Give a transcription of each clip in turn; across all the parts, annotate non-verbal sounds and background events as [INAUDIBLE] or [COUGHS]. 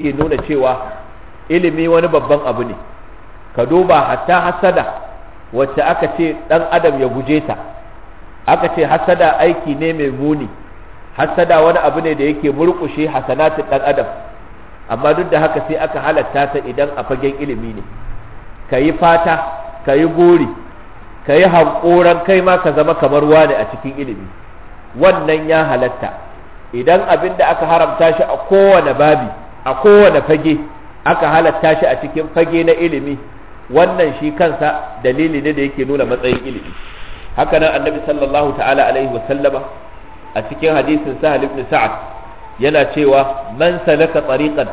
ke nuna cewa ilimi wani babban abu ne ka duba hatta hasada wacce aka ce dan adam ya guje ta aka ce hasada aiki ne mai muni hasada wani abu ne da yake murkushe hasanatin dan adam amma duk da haka sai aka halatta ta idan a fagen ilimi ne ka yi fata ka yi gori ka yi hankoran kai ma ka zama kamar wani a cikin ilimi wannan ya halatta idan abin da aka haramta shi a kowane babi a kowane fage aka halatta shi a cikin fage na ilimi wannan shi kansa dalili ne da yake nuna matsayin ilimi haka nan annabi sallallahu ta'ala alaihi wasallama a cikin hadisin sahal ibn sa'ad yana cewa man salaka tariqan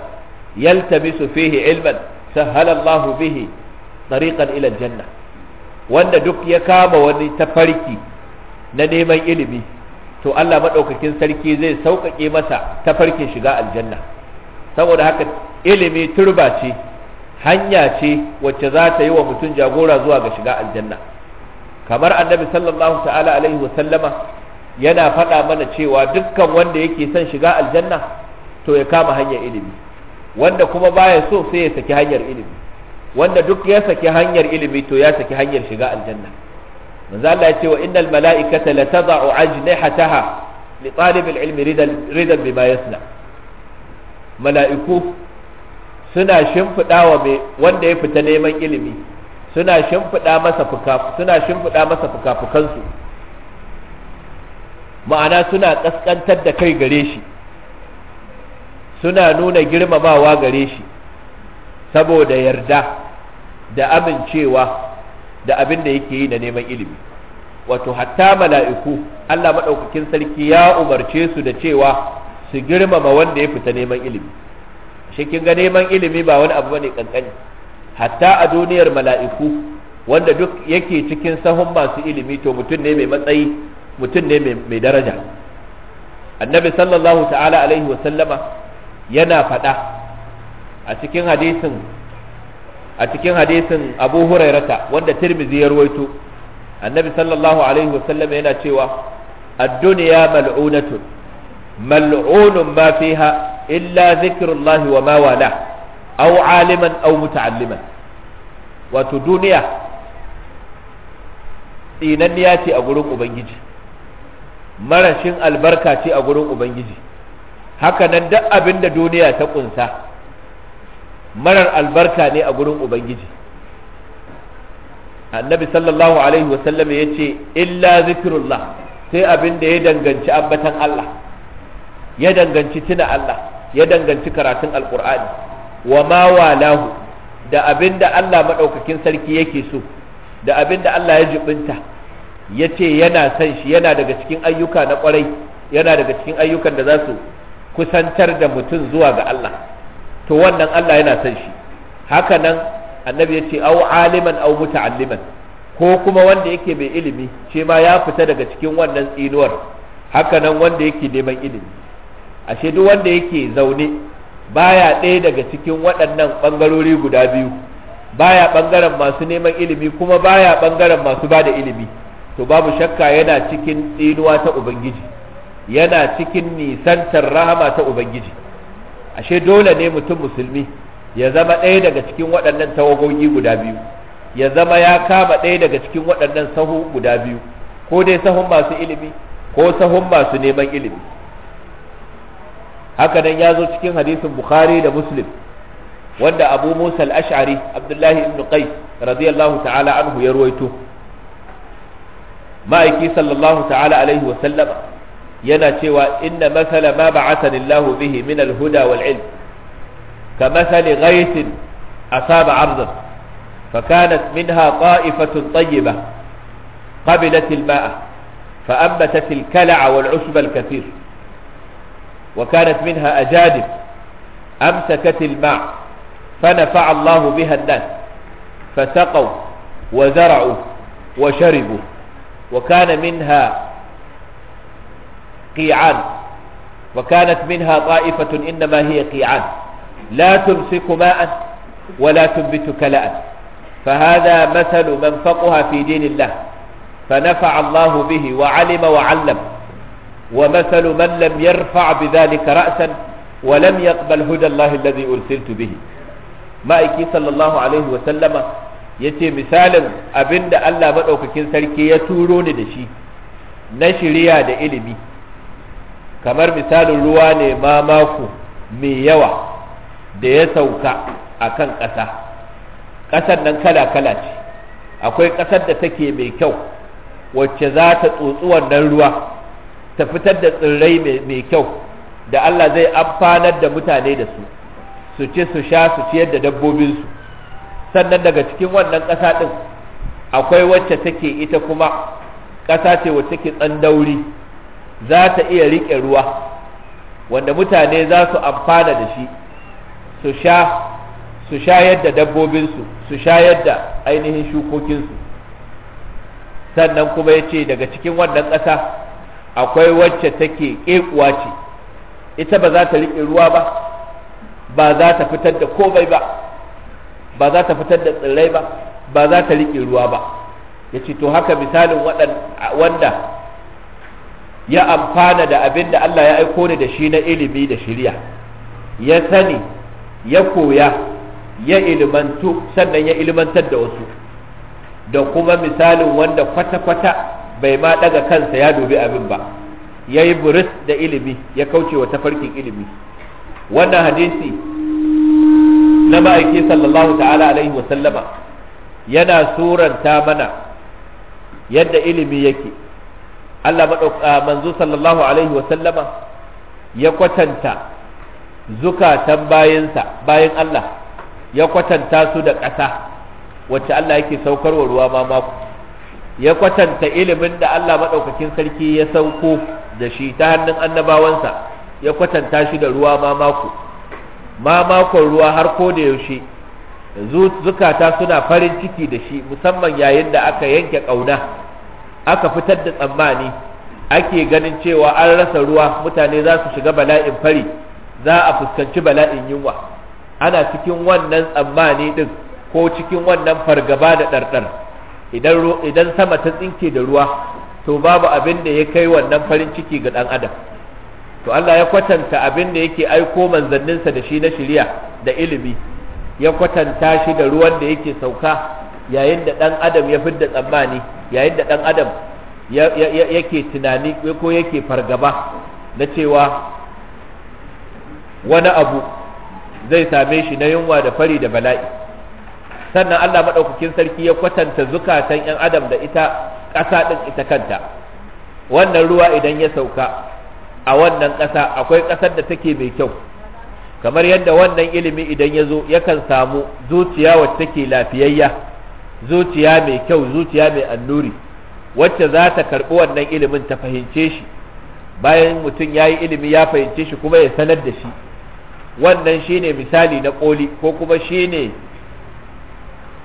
yaltamisu fihi ilman sahala Allah bihi tariqan ila janna wanda duk ya kama wani tafarki na neman ilimi to Allah madaukakin sarki zai sauƙaƙe masa tafarkin shiga aljanna saboda haka ilimi turba ce hanya ce wacce za ta yi wa mutum jagora zuwa ga shiga aljanna kamar annabi sallallahu ta'ala alaihi wa sallama yana faɗa mana cewa dukkan wanda yake son shiga aljanna to ya kama hanyar ilimi wanda kuma baya so sai ya saki hanyar ilimi wanda duk ya saki hanyar ilimi to ya saki hanyar shiga aljanna manzo Allah ya ce wa innal mala'ikata la tad'u ajnihataha li talibil ilmi ridan ridan bima yasna' mala'iku suna shimfiɗa wa mai wanda ya fita neman ilimi suna shimfiɗa masa fuka suna shimfiɗa masa ma'ana suna ƙasƙantar da kai gare shi suna nuna girmamawa gare shi saboda yarda da amincewa da abin da yake yi da neman ilimi wato hatta mala'iku Allah maɗaukakin sarki ya umarce su da cewa su girmama wanda ya fita neman ilimi shi kin ga neman ilimi ba wani abu bane kankani hatta a duniyar mala'iku wanda duk yake cikin sahun masu ilimi to mutum ne mai matsayi mutum ne mai daraja annabi sallallahu ta'ala alaihi wasallama yana faɗa a cikin hadisin a cikin hadisin abu hurairata wanda tirmizi ya ruwaito annabi sallallahu alaihi wasallama yana cewa ad-dunya mal'unatun mal'unun ma fiha illa zikrullah wa ma wala aw aliman aw muta'alliman wato duniya tsinanniya ce a gurin ubangiji marashin albarka ce a gurin ubangiji haka nan duk abin da duniya ta kunsa marar albarka ne a gurin ubangiji annabi sallallahu alaihi wasallam ya ce illa zikirullah sai abin da ya danganci ambatan Allah ya danganci tuna Allah ya danganci karatun alkur'ani wa ma walahu da abinda Allah madaukakin sarki yake so da abinda Allah ya jibinta yace yana son shi yana daga cikin ayyuka na kwarai yana daga cikin ayyukan da zasu kusantar da mutum zuwa ga Allah to wannan Allah yana son shi haka nan annabi ya ce au aliman au muta'alliman ko kuma wanda yake mai ilimi shi ma ya fita daga cikin wannan tsinuwar haka nan wanda yake neman ilimi ashe duk wanda yake zaune baya ɗaya daga cikin waɗannan ɓangarori guda biyu baya ɓangaren masu neman ilimi kuma baya ɓangaren masu ba da ilimi to babu shakka yana cikin tsinuwa ta ubangiji yana cikin nisantar rahama ta ubangiji ashe dole ne mutum musulmi ya zama ɗaya daga cikin waɗannan tawagogi guda biyu ya zama ya kama ɗaya daga cikin waɗannan sahu guda biyu ko dai sahun masu ilimi ko sahun masu neman ilimi haka nan ya zo cikin hadisin bukhari da muslim wanda abu musa al-ash'ari abdullahi ibn qais radiyallahu ta'ala anhu ya ruwaito ma'aiki sallallahu ta'ala alaihi wa sallama yana cewa inna masala ma ba'athani Allah bihi min al-huda wal ilm ka masali ghaythin asaba 'ardan فكانت منها طائفة طيبة قبلت الماء فأنبتت الكلع والعشب الكثير وكانت منها أجادب أمسكت الماء فنفع الله بها الناس فسقوا وزرعوا وشربوا وكان منها قيعان وكانت منها طائفة إنما هي قيعان لا تمسك ماء ولا تنبت كلاء فهذا مثل من فقها في دين الله فنفع الله به وعلم وعلم ومثل من لم يرفع walam رأسا ولم يقبل هدى الله الذي أرسلت به ما إكي صلى الله عليه وسلم yace misalin abinda Allah maɗaukakin sarki ya turo ni da shi na shirya da ilimi kamar misalin ruwa ne ma mai yawa da ya sauka a kan ƙasa ƙasar nan kala-kala ce akwai ƙasar da take mai kyau wacce za ta tsotsi wannan ruwa ta fitar da tsirrai mai kyau da Allah zai amfanar da mutane da su su ce su sha su ciyar da dabbobinsu sannan daga cikin wannan ƙasa ɗin akwai wacce take ita kuma ƙasa ce wacce take tsandauri za ta iya riƙe ruwa wanda mutane za su amfana da shi su sha su shayar da dabbobinsu su shayar da ainihin shukokinsu sannan kuma ya ce daga cikin wannan ƙasa akwai wacce take ƙekuwa ce ita ba za ta riƙe ruwa ba ba za ta fitar da komai ba ba za ta fitar da tsirrai ba ba za ta riƙe ruwa ba ya ce to haka misalin wanda ya amfana da abin da Allah ya aiko ni da shi na ilimi da shirya ya sani ya koya ya ilimantu sannan ya ilimantar da wasu da kuma misalin wanda kwata-kwata bai ma daga kansa ya dubi abin ba ya yi buris da ilimi ya kauce wa tafarkin ilimi wannan hadisi na ma'aiki sallallahu ta'ala alaihi wa sallama yana suranta mana yadda ilimi yake Allah manzo sallallahu alaihi wa sallama ya kwatanta zukatan bayansa bayan Allah ya kwatanta su da ƙasa wacce Allah yake saukarwa ruwa ma mako ya kwatanta ilimin da Allah maɗaukakin sarki ya sauko da shi ta hannun annabawansa ya kwatanta shi da ruwa mamako mamakon ruwa har ko da yaushe zukata suna farin ciki da shi musamman yayin da aka yanke ƙauna aka fitar da tsammani ake ganin cewa an rasa ruwa mutane za su shiga bala'in fari za a fuskanci bala'in yunwa ana cikin wannan tsammani din, ko cikin wannan fargaba da ɗarɗar idan sama ta tsinke da ruwa to babu abin da ya kai wannan farin ciki ga ɗan adam to Allah ya kwatanta abin da yake aiko manzanninsa da shi na shirya da ilimi ya kwatanta shi da ruwan da yake sauka yayin da dan adam ya fidda tsammani yayin da dan adam yake tunani ko yake fargaba na cewa wani abu zai same shi na yunwa da fari da bala'i sannan Allah maɗaukakin sarki ya kwatanta zukatan yan adam da ita ƙasa ɗin ita kanta wannan ruwa idan ya sauka a wannan ƙasa akwai ƙasar da take mai kyau kamar yadda wannan ilimi idan ya zo yakan samu zuciya wacce take lafiyayya zuciya mai kyau zuciya mai annuri wacce za ta karɓi wannan ilimin ta fahimce shi bayan mutum ya yi ilimi ya fahimce shi kuma ya sanar da shi wannan shine misali na koli ko kuma shine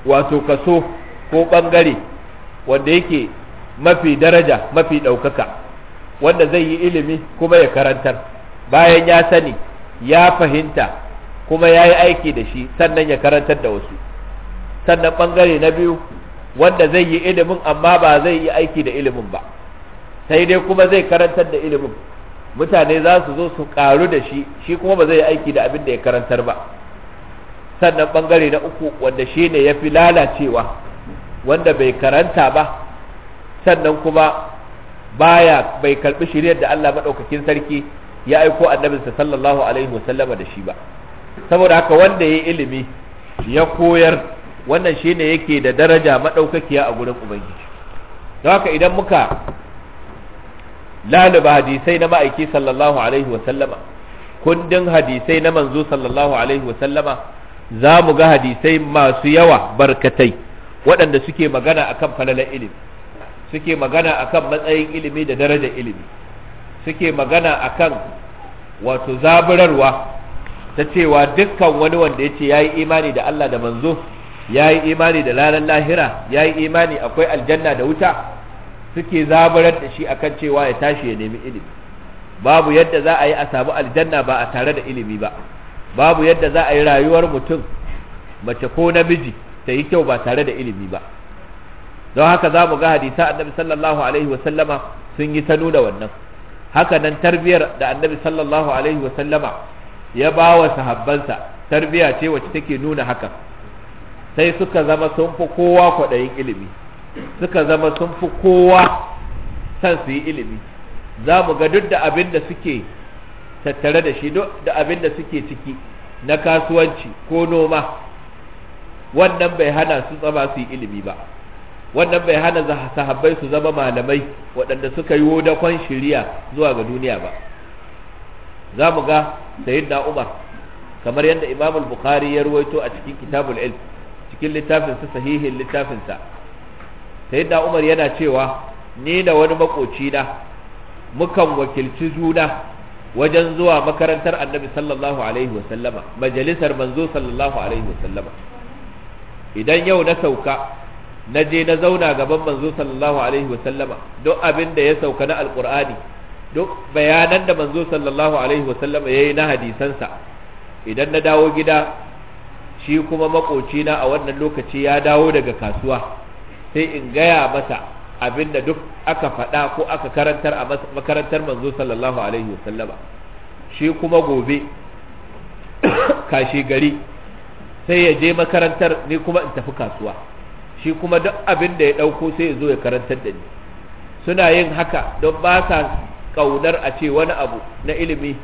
wato kaso ko ɓangare wanda yake mafi daraja mafi ɗaukaka wanda zai yi ilimi kuma ya karantar bayan ya sani ya fahimta kuma ya yi aiki da shi sannan ya karantar da wasu sannan bangare na biyu wanda zai yi ilimin amma ba zai yi aiki da ilimin ba sai dai kuma zai karantar da ilimin mutane za su zo su karu da shi shi kuma ba zai yi aiki da abin da ya karantar ba sannan bangare na uku wanda shi ne ya fi lalacewa wanda bai karanta ba sannan kuma baya bai karbi shiriyar da Allah maɗaukakin sarki ya aiko annabinsa sallallahu alaihi wasallama da shi ba saboda haka wanda ya yi ilimi ya koyar wannan shi ne yake da daraja maɗaukakiya a gurin ubangiji don haka idan muka laluba hadisai na ma'aiki sallallahu alaihi wasallama kundin hadisai na manzo sallallahu alaihi wasallama za mu ga hadisai masu yawa barkatai waɗanda suke magana a kan falalar ilimi suke magana a kan matsayin ilimi da darajar ilimi suke magana a kan wato zaburarwa ta cewa dukkan wani wanda ya ce ya yi imani da Allah da manzo ya yi imani da ranar lahira ya yi imani akwai aljanna da wuta suke zaburar da shi akan cewa ya tashi ya nemi ilimi babu yadda za a yi a samu aljanna ba a tare da ilimi ba babu yadda za a yi rayuwar mutum mace ko namiji ta yi kyau ba tare da ilimi ba don haka za mu ga hadisa annabi sallallahu alaihi wa sun yi ta nuna wannan haka nan tarbiyar da annabi sallallahu alaihi wa ya ba wa sahabbansa tarbiya ce wacce take nuna haka sai suka zama sun fi kowa kwaɗayin ilimi suka zama sun fi kowa san su yi ilimi za mu ga duk da abin da suke tattare da shi da abin da suke ciki na kasuwanci ko noma wannan bai hana su zama su yi ilimi ba wannan bai hana sahabbai su zama malamai waɗanda suka yi wodakon shiriya zuwa ga duniya ba za mu ga na umar kamar yadda imam bukhari ya ruwaito a cikin kitabul ilm cikin littafinsa sahihin littafinsa sayyidina umar yana cewa ni da wani makoci na mukan wakilci juna wajen zuwa makarantar annabi sallallahu alaihi wasallama majalisar manzo sallallahu alaihi wasallama idan yau na sauka na je na zauna gaban manzo sallallahu alaihi wasallama duk abin da ya sauka na alqur'ani duk bayanan da manzo sallallahu alaihi wasallama yayi na hadisansa idan na dawo gida shi kuma maƙocina a wannan lokaci ya dawo daga kasuwa sai in gaya masa abin da duk aka faɗa ko aka karantar a makarantar manzo sallallahu alaihi wasallama shi kuma gobe [COUGHS] kashi gari sai ya je makarantar ni kuma in tafi kasuwa shi kuma duk abin da ya ɗauko sai ya zo ya karantar da ni suna yin haka don ba sa ƙaunar a ce wani abu na ilimi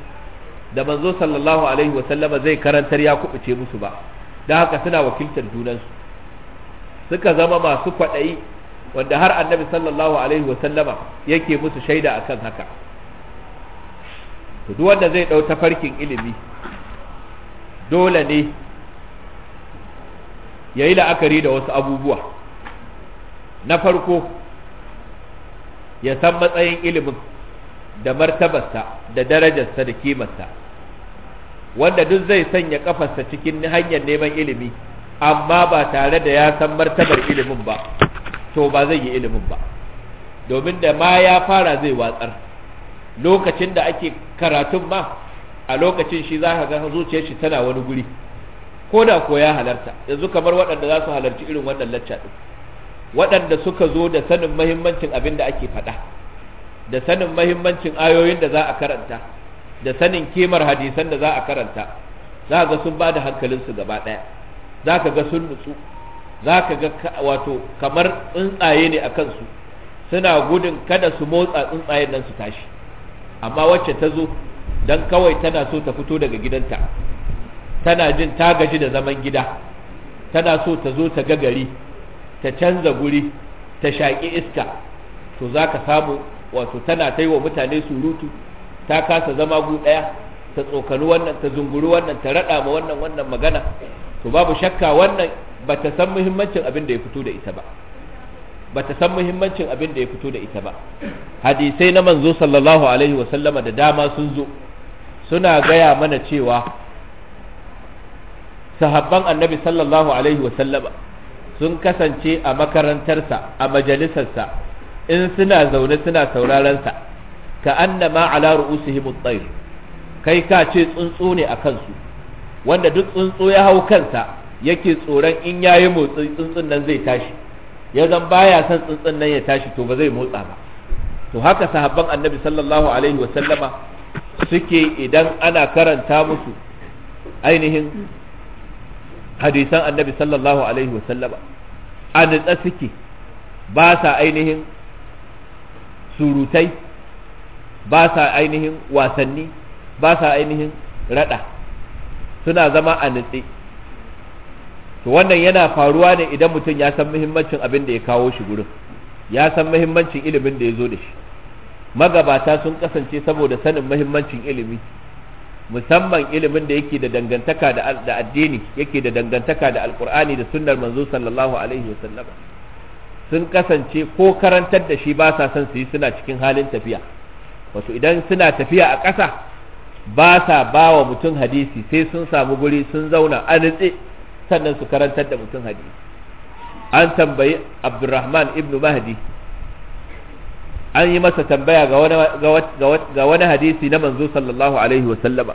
da manzo sallallahu alaihi wasallama zai karantar ya kubuce musu ba don haka suna wakiltar junansu suka zama masu kwaɗayi wanda har annabi sallallahu alaihi wa sallama yake musu shaida akan haka duk wanda zai ɗau farkin ilimi dole ne ya yi la'akari da wasu abubuwa na farko ya san matsayin ilimin da martabarsa da darajarsa da kimarsa wanda duk zai sanya kafarsa cikin hanyar neman ilimi amma ba tare da ya san martabar ilimin ba to ba zai yi ilimin ba domin da ma ya fara zai watsar lokacin da ake karatun ma a lokacin shi za ka ga zuciyar shi tana wani guri ko da ko ya halarta yanzu kamar waɗanda za su halarci irin wannan lacca ɗin waɗanda suka zo da sanin mahimmancin abin da ake faɗa da sanin mahimmancin ayoyin da za a karanta da sanin kimar hadisan da za a karanta za ga sun ba da hankalinsu gaba ɗaya za ka ga sun nutsu za ka ga wato kamar tsuntsaye ne a kansu suna gudun kada su motsa tsuntsayen nan su tashi amma wacce ta zo don kawai tana so ta fito daga gidanta tana jin ta gaji da zaman gida tana so ta zo ta ga gari ta canza guri ta shaƙi iska to za ka samu wato tana ta yi wa mutane surutu ta kasa zama gu ɗaya ta tsokani wannan ta zunguri wannan ta raɗa ma wannan wannan magana to babu shakka wannan bata san muhimmancin abin da ya fito da ita ba bata san muhimmancin abin da ya fito da ita ba hadisai na manzo sallallahu alaihi wa sallama da dama sun zo suna gaya mana cewa sahabban annabi sallallahu alaihi wa sallama sun kasance a makarantarsa a majalisarsa in suna zaune suna saurarensa ka annama ala ru'usihim at-tayr kai ka ce tsuntsu ne a kansu wanda duk tsuntsu ya hau kansa yake tsoron in ya yi motsi tsuntsun nan zai tashi ya zan baya son tsuntsun nan ya tashi to ba zai motsa ba to haka sahabban annabi sallallahu alaihi wasallama suke idan ana karanta musu ainihin hadisan annabi sallallahu alaihi wasallama a nutsa suke ba sa ainihin surutai ba sa ainihin wasanni ba sa ainihin rada suna zama a nutse to wannan yana faruwa ne idan mutum ya san muhimmancin abin da ya kawo shi gurin ya san muhimmancin ilimin da ya zo da shi magabata sun kasance saboda sanin muhimmancin ilimi musamman ilimin da yake da dangantaka da addini yake da dangantaka da alkur'ani da sunnar manzo sallallahu alaihi wasallam sun kasance ko karantar da shi ba sa son su yi suna cikin halin tafiya wato idan suna tafiya a ƙasa ba sa ba wa mutum hadisi sai sun samu guri sun zauna a nutse sannan su karantar da mutum hadisi an tambayi abdurrahman ibn mahdi an yi masa tambaya ga wani hadisi na manzo sallallahu alaihi wasallama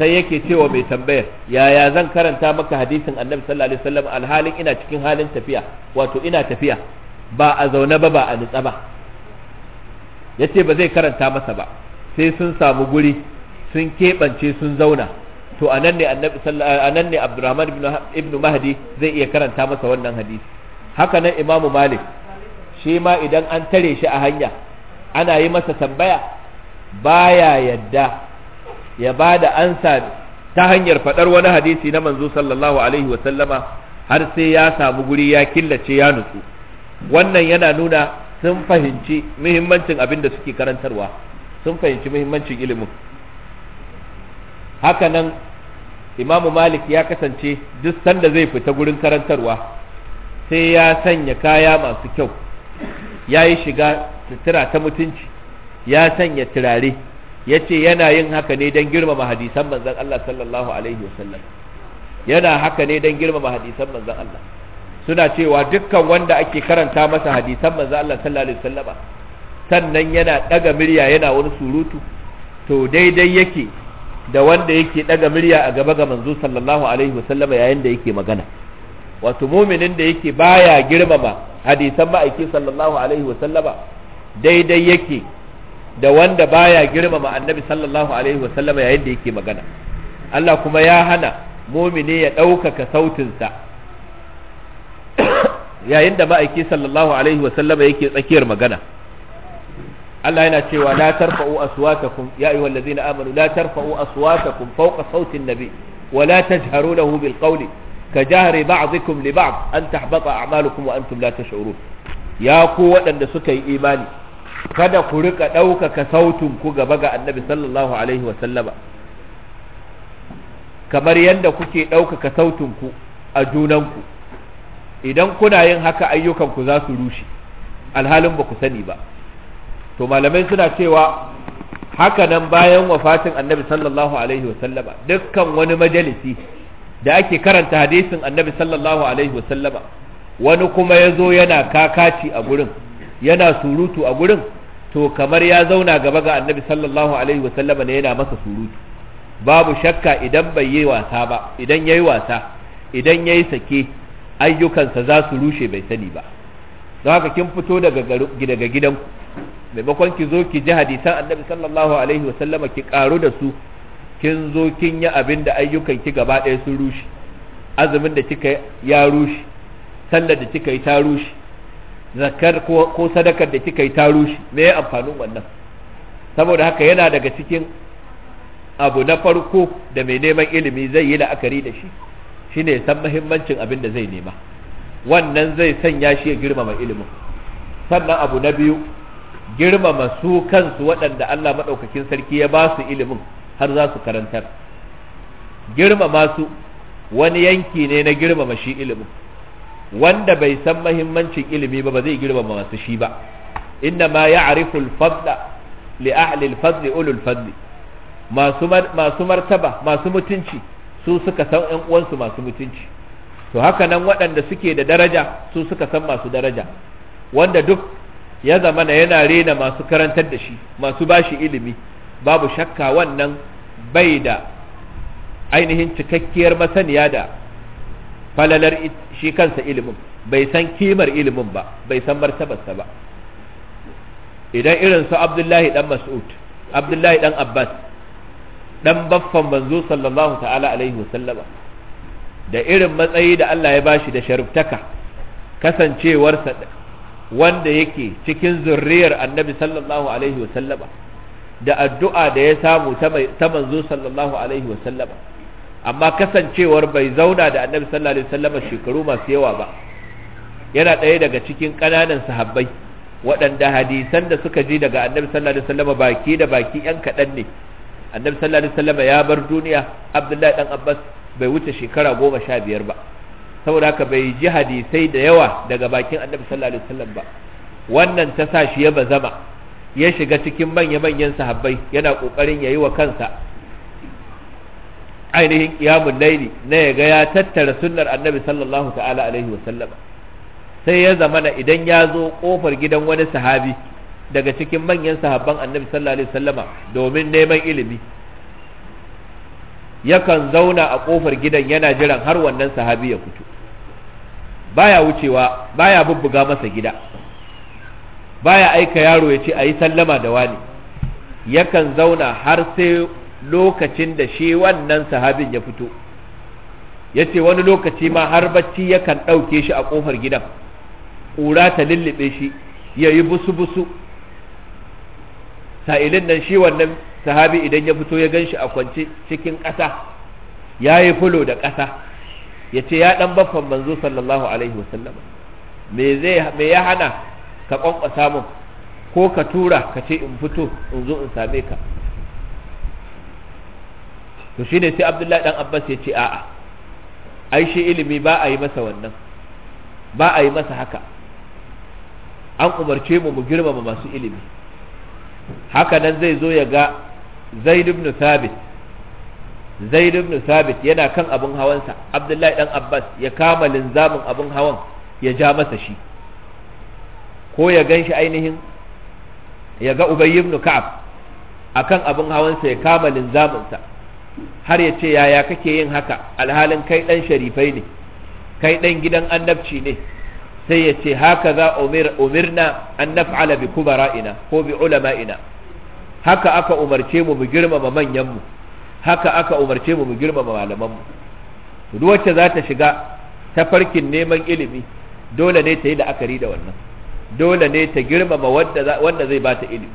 sai yake cewa mai tambayar yaya zan karanta maka hadisin annabi sallallahu alaihi wasallam alhalin ina cikin halin tafiya wato ina tafiya ba a zaune ba ba a nutsa ba ce ba zai karanta masa ba sai sun samu guri sun keɓance sun zauna to anan ne annabi anan ne Abdurrahman ibn Mahdi zai iya karanta masa wannan hadisi haka nan Imam Malik shi ma idan an tare shi a hanya ana yi masa tambaya baya yadda ya bada ansa ta hanyar fadar wani hadisi na manzo sallallahu alaihi wa sallama har sai ya samu guri ya killace ya nutsu wannan yana nuna sun fahimci muhimmancin abin da suke karantarwa sun fahimci muhimmancin ilimin haka nan imamu malik ya kasance duk sanda zai fita gurin karantarwa sai ya sanya kaya masu kyau ya yi shiga sutura ta mutunci ya sanya turare ya ce yana yin haka ne don girmama hadisan manzan Allah sallallahu alaihi wasallam yana haka ne don girmama hadisan manzan Allah suna cewa dukkan wanda ake karanta masa hadisan manzan Allah sallallahu alaihi wasallam sannan yana daga murya yana wani surutu to daidai yake da wanda yake daga murya a gaba ga manzo sallallahu alaihi sallama yayin da yake magana wato muminin da yake baya girmama hadisan ma'aiki sallallahu alaihi wasallama daidai yake da wanda baya girmama annabi sallallahu alaihi wasallama yayin da yake magana Allah kuma ya hana mumini ya ɗaukaka sautinsa [COUGHS] yayin da ma'aiki sallallahu alaihi wasallama yake tsakiyar magana Allah yana cewa la tarfa'u aswatakum ya ayyuhal ladzina amanu la tarfa'u aswatakum fawqa sautin nabi wa la tajharu lahu bil qawli ka jahri ba'dikum li ba'd an tahbata a'malukum wa antum la tash'urun ya ku waɗanda suka yi imani kada ku rika ɗaukaka sautin ku gaba ga annabi sallallahu alaihi wa sallama kamar yadda kuke ɗaukaka sautin ku a junanku idan kuna yin haka ku za su rushe alhalin ba ku sani ba to malamai suna cewa haka nan bayan wafatin annabi sallallahu alaihi wasallama dukkan wani majalisi da ake karanta hadisin annabi sallallahu alaihi wasallama wani kuma ya zo yana kakaci a gurin yana surutu a gurin to kamar ya zauna gaba ga annabi sallallahu alaihi wasallama ne yana masa surutu babu shakka idan bai yi wasa ba idan ya yi wasa idan ya yi sake ayyukansa za su rushe bai sani ba don haka kin fito daga gidanku maimakon ki zo ki ji hadisan annabi sallallahu alaihi wasallama ki karu da su kin zo kin yi abin da ayyukan ki gaba ɗaya sun rushe azumin da kika ya rushe sallar da kika yi ta rushe zakar ko sadakar da kika yi ta rushe me ya amfanin wannan saboda haka yana daga cikin abu na farko da mai neman ilimi zai yi la'akari da shi shine ne san muhimmancin abin da zai nema wannan zai sanya shi ya girmama ilimin sannan abu na biyu girmama su kansu waɗanda Allah maɗaukakin sarki ya ba su ilimin har za su karantar girmama su wani yanki ne na girmama shi ilimin wanda bai san mahimmancin ilimi ba ba zai girmama masu shi ba inna ma ya ariful fadla li fadli ulul fadli masu martaba masu mutunci su suka san ƴan uwansu masu mutunci to haka nan waɗanda suke da daraja su suka san masu daraja wanda duk ya zama na yana rena masu karantar da shi masu bashi ilimi babu shakka wannan bai da ainihin cikakkiyar masaniya da falalar shi kansa ilimin bai san kimar ilimin ba bai san martabarsa ba idan irin su abdullahi dan mas'ud abdullahi dan abbas dan baffan manzo sallallahu ta'ala alaihi wasallama da irin matsayi da Allah ya bashi da sharuftaka kasancewarsa wanda yake cikin zurriyar annabi sallallahu alaihi wa sallama da addu'a da ya samu ta manzo sallallahu alaihi wa sallama amma kasancewar bai zauna da annabi sallallahu alaihi wa sallama shekaru masu yawa ba yana ɗaya daga cikin ƙananan sahabbai waɗanda hadisan da suka ji daga annabi sallallahu alaihi wa sallama baki da baki yan kaɗan ne annabi sallallahu alaihi wa sallama ya bar duniya abdullahi dan abbas bai wuce shekara goma sha biyar ba saboda haka bai ji hadisai da yawa daga bakin annabi sallallahu alaihi wasallam ba wannan ta sa shi ya bazama ya shiga cikin manya manyan sahabbai yana kokarin yayi wa kansa ainihin qiyamul laili na yaga ya tattara sunnar annabi sallallahu ta'ala alaihi wasallam sai ya zama na idan ya zo kofar gidan wani sahabi daga cikin manyan sahabban annabi sallallahu alaihi wasallama domin neman ilimi yakan zauna a kofar gidan yana jiran har wannan sahabi ya fito baya wucewa baya bubbuga masa gida baya aika yaro ya ce a yi sallama da wani yakan zauna har sai lokacin da shi wannan sahabin ya fito ya ce wani lokaci ma har bacci yakan ɗauke shi a ƙofar gidan ƙura ta lullube shi ya yi busu-busu sa'ilin nan shi wannan sahabi idan ya fito ya gan shi a kwance cikin ƙasa ya yi fulo da ƙasa ya ce ya dan baffan manzo sallallahu alaihi wasallama me zai me ya hana ka kwankwasa min ko ka tura ka ce in fito in zo in same ka to shine sai abdullahi dan abbas ya ce a'a ai shi ilimi ba a yi masa wannan ba a yi masa haka an umarce mu mu girmama masu ilimi haka nan zai zo ya ga zaid ibn thabit zaid ibn sabit yana kan abin hawansa abdullahi dan abbas ya kama linzamin abin hawan ya ja masa shi ko ya gan ainihin ya ga ubayy ibn ka'ab akan abin hawansa ya kama linzamin sa har ya ce yaya kake yin haka alhalin kai dan sharifai ne kai dan gidan annabci ne sai ya ce haka za umirna an naf'ala bi kubara'ina ko bi ulama'ina haka aka umarce mu mu girmama manyan mu. haka aka umarce mu mu girmama malamanmu to duk wacce za ta shiga ta farkin neman ilimi dole ne ta yi la'akari da wannan dole ne ta girmama wanda zai ba ta ilimi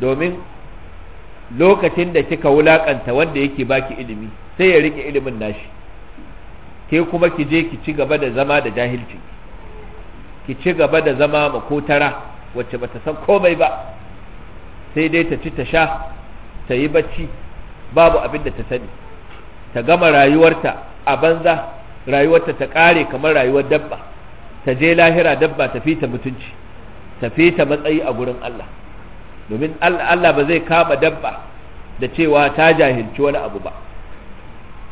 domin lokacin da kika wulakanta wanda yake baki ilimi sai ya rike ilimin nashi ke kuma ki je ki ci gaba da zama da jahilci ki ci gaba da zama makotara wacce bata san komai ba sai dai ta ci ta sha ta yi bacci babu abin da ta sani ta gama rayuwarta a banza rayuwarta ta kare kamar rayuwar dabba ta je lahira dabba ta fita mutunci ta fita matsayi a gurin Allah domin Allah ba zai kama dabba da cewa ta jahilci wani abu ba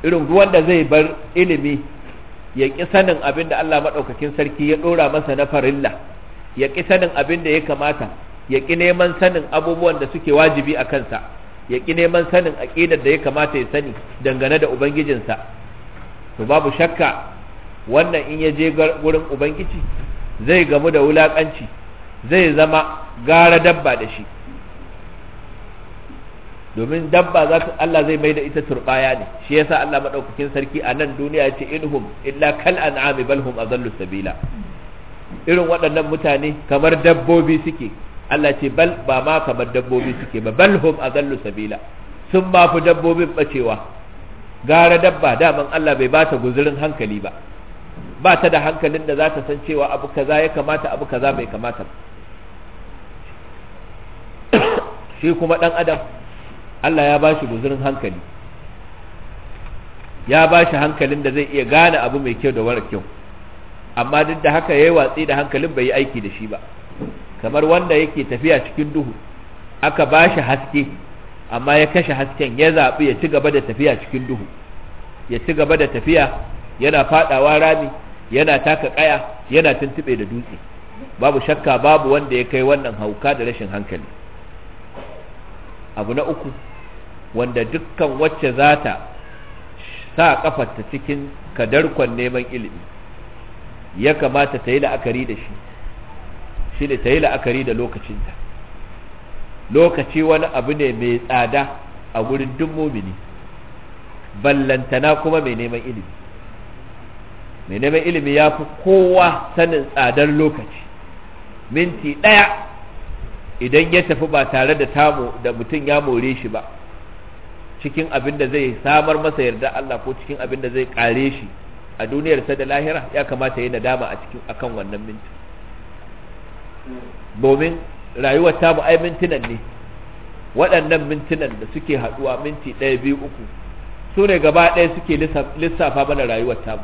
irin ruwan zai bar ilimi ya ƙi sanin abin da Allah maɗaukakin sarki ya ɗora masa na farilla ya ƙi sanin abin da ya kamata ya ƙi neman sanin abubuwan da suke wajibi a kansa ya ki neman sanin aqidar da ya kamata ya sani dangane da ubangijinsa to babu shakka wannan in ya je gurin ubangiji zai gamu da wulakanci zai zama gara dabba da shi domin dabba za ta Allah zai mai da ita turbaya ne shi yasa Allah madaukakin sarki a nan duniya ce inhum illa kal an'ami bal hum adallu sabila irin waɗannan mutane kamar dabbobi suke Allah ce bal ba ma kamar dabbobi suke ba bal hum azallu sabila sun ba fi dabbobin bacewa gara dabba daman Allah bai bata guzurin hankali ba ba ta da hankalin da za ta san cewa abu kaza ya kamata abu kaza bai kamata [COUGHS] shi kuma dan adam Allah ya bashi guzurin hankali ya bashi hankalin da zai iya gane abu mai kyau da wara kyau amma duk da haka yayi watsi da hankalin bai yi aiki da shi ba kamar wanda yake tafiya cikin duhu aka ba shi haske amma ya kashe hasken ya zaɓi ya ci gaba da tafiya cikin duhu ya ci gaba da tafiya yana faɗawa rami yana taka ƙaya yana tuntuɓe da dutse babu shakka babu wanda ya kai wannan hauka da rashin hankali abu na uku wanda dukkan wacce za ta sa kafarta cikin kadarkon neman ilimi ya kamata ta yi la'akari da shi shi ne ta yi la'akari da lokacinta lokaci wani abu ne mai tsada a wurin duk mumini ballantana kuma mai neman ilimi mai neman ilimi ya fi kowa sanin tsadar lokaci minti ɗaya idan ya tafi ba tare da tamu da mutum ya more shi ba cikin abin da zai samar masa yarda Allah ko cikin abin da zai kare shi a duniyar duniyarsa da lahira ya kamata yi nadama a cikin akan wannan minti domin rayuwar tamu ai mintunan ne waɗannan mintunan da suke haɗuwa minti ɗaya biyu uku su ne gaba ɗaya suke lissafa mana rayuwar tamu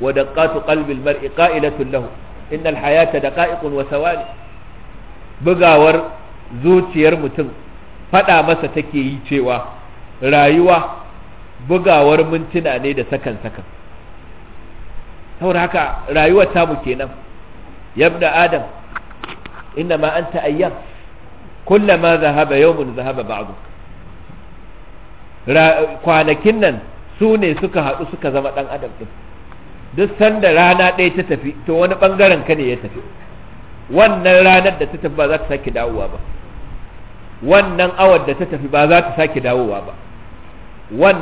wa ƙatu ƙalbin mar'i qa'ilatun lahu innal hayata daqa'iqun wa sawali bugawar zuciyar mutum faɗa masa take yi cewa rayuwa bugawar mintuna ne da sakan sakan saboda haka rayuwar tamu kenan yabda adam innama anta ayyam ma zahaba yawmun zahaba ba'du kwanakin nan su ne suka haɗu suka zama ɗan adam ɗin duk sanda rana ɗaya ta tafi to wani ɓangaren ka ne ya tafi wannan ranar da ta tafi ba za ta sake dawowa ba wannan awar da ta tafi ba za ta sake dawowa ba wannan